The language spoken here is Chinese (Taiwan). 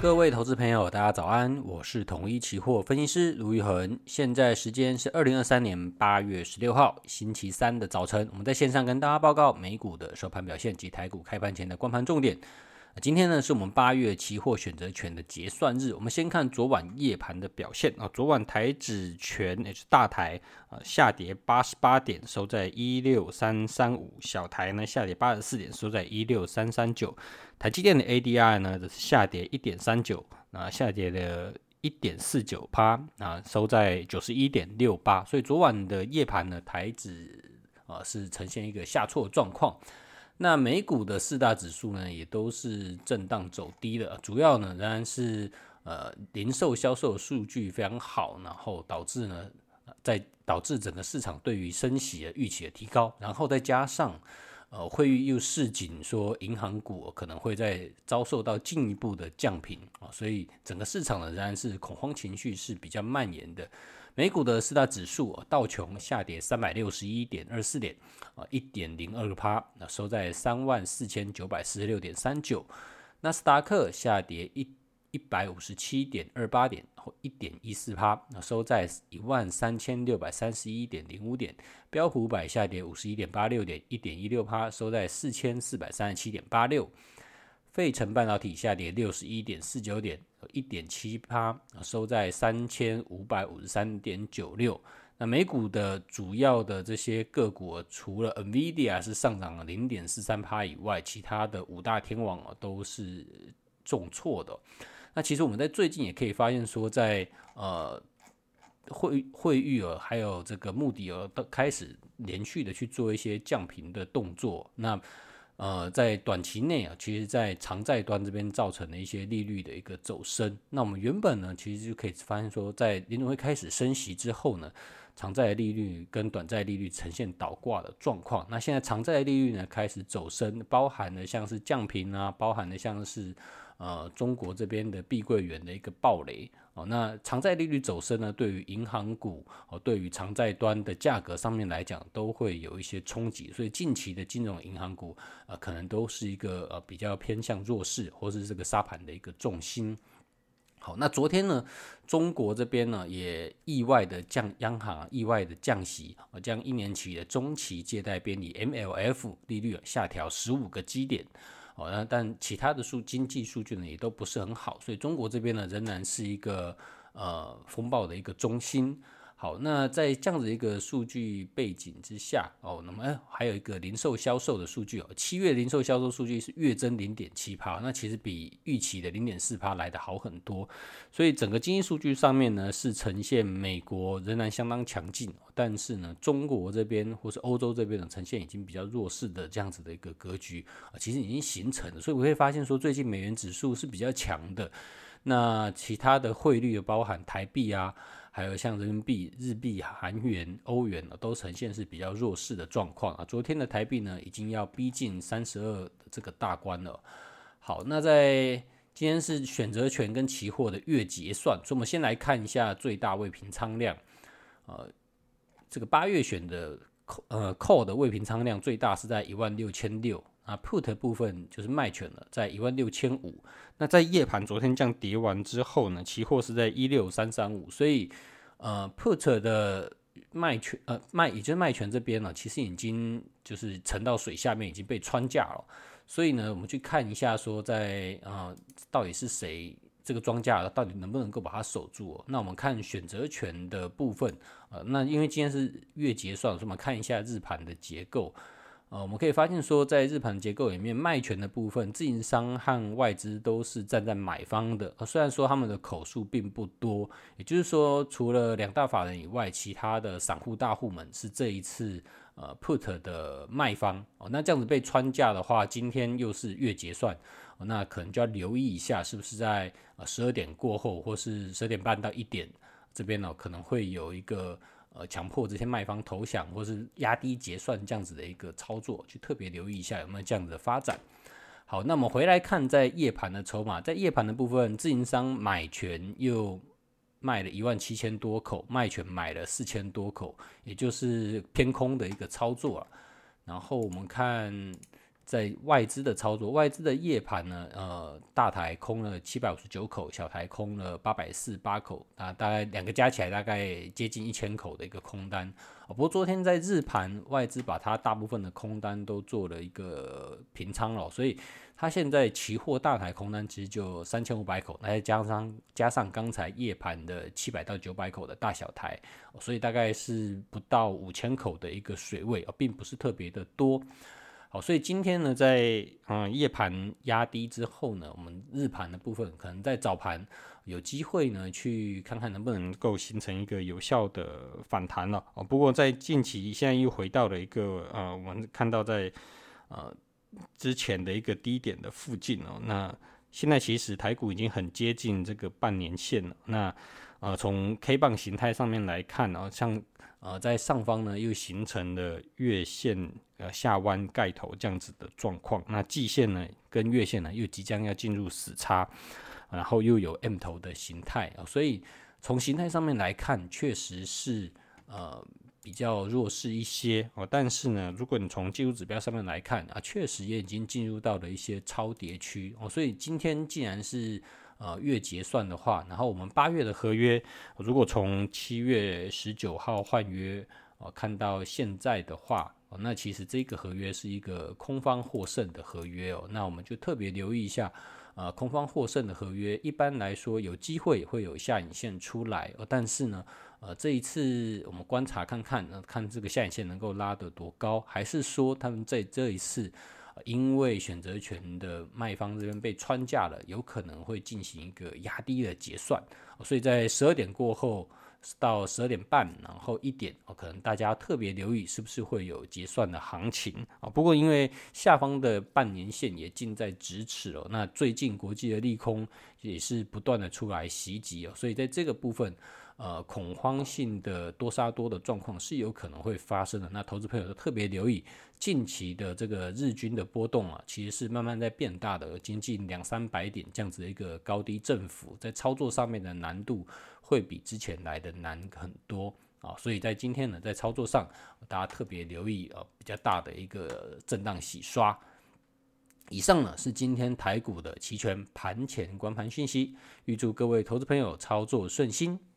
各位投資朋友，大家早安！我是統一期貨分析師盧昱衡，現在時間是二零二三年八月十六號星期三的早晨，我們在線上跟大家報告美股的收盤表現及台股開盤前的觀盤重點。今天呢，是我們八月期貨選擇權的結算日。我們先看昨晚夜盤的表現啊。昨晚台指全、就是大台啊下跌八十八點，收在一六三三五；小台呢下跌八十四點，收在一六三三九。台積電的 ADR 呢下跌一點三九，下跌了一點四九趴，啊，收在九十一點六八。所以昨晚的夜盤呢，台指啊是呈現一個下挫狀況。那美股的四大指數呢，也都是震蕩走低的，呃。主要呢，仍然是呃零售銷售數據非常好，然後導致呢，在導致整個市場對於升息的預期的提高，然後再加上。呃，惠譽又示警說，銀行股可能會再遭受到進一步的降評啊，所以整個市場呢，仍然是恐慌情緒是比較蔓延的。美股的四大指數，道瓊下跌三百六十一點二四點啊，一點零二個趴。那收在三萬四千九百四十六點三九，納斯達克下跌一。一百五十七點二八點，然一點一四趴，收在一萬三千六百三十一點零五點。標普五百下跌五十一點八六點，一點一六趴，收在四千四百三十七點八六。費城半導體下跌六十一點四九點，一點七趴，收在三千五百五十三點九六。那美股的主要的這些個股，除了 NVIDIA 是上漲了零點四三趴以外，其他的五大天王都是重挫的。那其實我們在最近也可以發現，說在呃惠惠譽爾還有這個穆迪爾都開始連續的去做一些降評的動作。那呃在短期內啊，其實，在長債端這邊造成了一些利率的一個走升。那我們原本呢，其實就可以發現說，在聯準會開始升息之後呢，長債利率跟短債利率呈現倒掛的狀況。那現在長債利率呢開始走升，包含了像是降評啊，包含了像是。呃，中國這邊的碧桂園的一個暴雷，哦，那長債利率走升呢，對於銀行股，哦，對於長債端的價格上面來講，都會有一些衝擊，所以近期的金融銀行股，呃，可能都是一個呃比較偏向弱勢，或是這個殺盤的一個重心。好，那昨天呢，中國這邊呢也意外的降央行意外的降息，呃，將一年期的中期借貸便利 （MLF） 利率下調十五個基點。好，哦，但其他的數經濟數據呢，也都不是很好，所以中國這邊呢，仍然是一個呃風暴的一個中心。好，那在這樣子一個數據背景之下，哦，那麼誒，還有一個零售銷售的數據哦，七月零售銷售數據是月增零點七趴，那其實比預期的零點四趴來得好很多，所以整個經濟數據上面呢，是呈現美國仍然相當強勁，但是呢，中國這邊或是歐洲這邊呢，呈現已經比較弱勢的這樣子的一個格局啊，其實已經形成了，所以我會發現說最近美元指數是比較強的，那其他的匯率也包含台幣啊。還有像人民幣、日幣、韓元、歐元啊，都呈現是比較弱勢的狀況啊。昨天的台幣呢，已經要逼近三十二這個大關了。好，那在今天是選擇權跟期貨的月結算，所以我們先來看一下最大未平倉量。呃，這個八月選的扣呃 call 的未平倉量最大是在一萬六千六。啊，put 部分就是賣權了，在一萬六千五。那在夜盤昨天這樣跌完之後呢，期貨是在一六三三五，所以呃，put 的賣權呃賣也就是賣權這邊呢，其實已經就是沉到水下面已經被穿架價了。所以呢，我們去看一下說在啊、呃、到底是誰這個莊家到底能不能夠把它守住？那我們看選擇權的部分，呃，那因為今天是月結算，所以我們看一下日盤的結構。呃，我們可以發現說，在日盤結構裡面，賣權的部分，自營商和外資都是站在買方的、呃。雖然說他們的口數並不多，也就是說，除了兩大法人以外，其他的散戶大戶們是這一次呃 put 的賣方、呃。那這樣子被穿價的話，今天又是月結算，呃、那可能就要留意一下，是不是在呃十二點過後，或是十二點半到一點這邊呢、呃，可能會有一個。呃，強迫這些賣方投降，或是壓低結算這樣子的一個操作，去特別留意一下有沒有這樣子的發展。好，那麼回來看在夜盤的籌碼，在夜盤的部分，自營商買權又賣了一萬七千多口，賣權買了四千多口，也就是偏空的一個操作啊。然後我們看。在外資的操作，外資的夜盤呢，呃，大台空了七百五十九口，小台空了八百四十八口，啊，大概兩個加起來大概接近一千口的一個空單。哦，不過昨天在日盤，外資把它大部分的空單都做了一個平倉了，所以它現在期貨大台空單其實就三千五百口，那再加上加上剛才夜盤的七百到九百口的大小台，所以大概是不到五千口的一個水位啊，哦，並不是特別的多。好，所以今天呢，在嗯夜盤壓低之後呢，我們日盤的部分可能在早盤有機會呢，去看看能不能夠形成一個有效的反彈了。哦，哦。不過在近期現在又回到了一個呃，我們看到在呃之前的一個低點的附近哦，那。現在其實台股已經很接近這個半年線了。那，呃，從 K 棒形態上面來看，哦，像，呃，在上方呢又形成了月線呃下彎蓋頭這樣子的狀況。那季線呢跟月線呢又即將要進入死叉，然後又有 M 頭的形態啊、呃。所以從形態上面來看，確實是呃。比較弱勢一些哦，但是呢，如果你從技術指標上面來看啊，確實也已經進入到了一些超跌區哦，所以今天既然是呃月結算的話，然後我們八月的合約，如果從七月十九號換約呃，看到現在的話哦，那其實這個合約是一個空方獲勝的合約哦，那我們就特別留意一下。呃，空方獲勝的合約一般來說有機會會有下影線出來，呃，但是呢，呃，這一次我們觀察看看，呃，看這個下影線能夠拉得多高，還是說他們在這一次，呃，因為選擇權的賣方這邊被穿價了，有可能會進行一個壓低的結算，呃，所以在十二點過後。到十二點半，然後一點，哦，可能大家特別留意是不是會有結算的行情啊？哦。不過因為下方的半年線也近在咫尺哦，那最近國際的利空也是不斷的出來襲擊哦，所以在這個部分。呃，恐慌性的多殺多的狀況是有可能會發生的。那投資朋友要特別留意近期的這個日均的波動啊，其實是慢慢在變大的，接近兩三百點這樣子的一個高低振幅，在操作上面的難度會比之前來的難很多啊。所以在今天呢，在操作上大家特別留意啊，比較大的一個震盪洗刷。以上呢是今天台股的期權盤前觀盤訊息，預祝各位投資朋友操作順心。